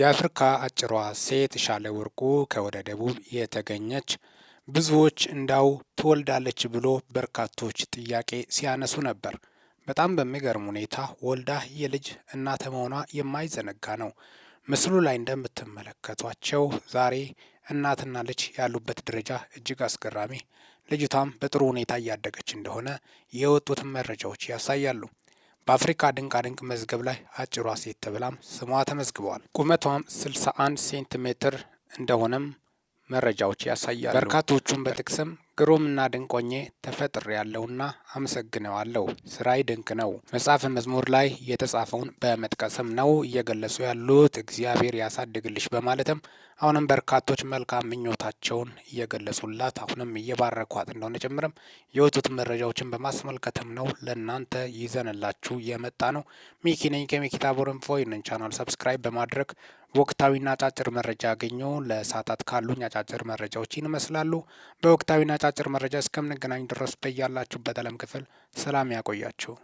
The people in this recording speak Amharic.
የአፍሪካ አጭሯ ሴት ሻለ ወርቁ ከወደ ደቡብ የተገኘች ብዙዎች እንዳው ትወልዳለች ብሎ በርካቶች ጥያቄ ሲያነሱ ነበር። በጣም በሚገርም ሁኔታ ወልዳ የልጅ እናት መሆኗ የማይዘነጋ ነው። ምስሉ ላይ እንደምትመለከቷቸው ዛሬ እናትና ልጅ ያሉበት ደረጃ እጅግ አስገራሚ፣ ልጅቷም በጥሩ ሁኔታ እያደገች እንደሆነ የወጡት መረጃዎች ያሳያሉ። በአፍሪካ ድንቃድንቅ መዝገብ ላይ አጭሯ ሴት ተብላም ስሟ ተመዝግበዋል። ቁመቷም 61 ሴንቲሜትር እንደሆነም መረጃዎች ያሳያሉ። በርካቶቹም በጥቅስም ግሩምና ድንቅ ሆኜ ያለውና አመሰግነዋለሁ። ስራይ ድንቅ ነው። መጽሐፈ መዝሙር ላይ የተጻፈውን በመጥቀስም ነው እየገለጹ ያሉት። እግዚአብሔር ያሳድግልሽ በማለትም አሁንም በርካቶች መልካም ምኞታቸውን እየገለጹላት አሁንም እየባረኳት እንደሆነ ጭምርም የወጡት መረጃዎችን በማስመልከትም ነው ለእናንተ ይዘንላችሁ የመጣ ነው። ሚኪ ነኝ ከሚኪታቦርንፎ ይህንን ቻናል ሰብስክራይብ በማድረግ ወቅታዊና አጫጭር መረጃ ያገኙ። ለሰዓታት ካሉኝ አጫጭር መረጃዎች ይመስላሉ። በወቅታዊና አጫጭር መረጃ እስከምንገናኝ ድረስ በያላችሁበት ዓለም ክፍል ሰላም ያቆያችሁ።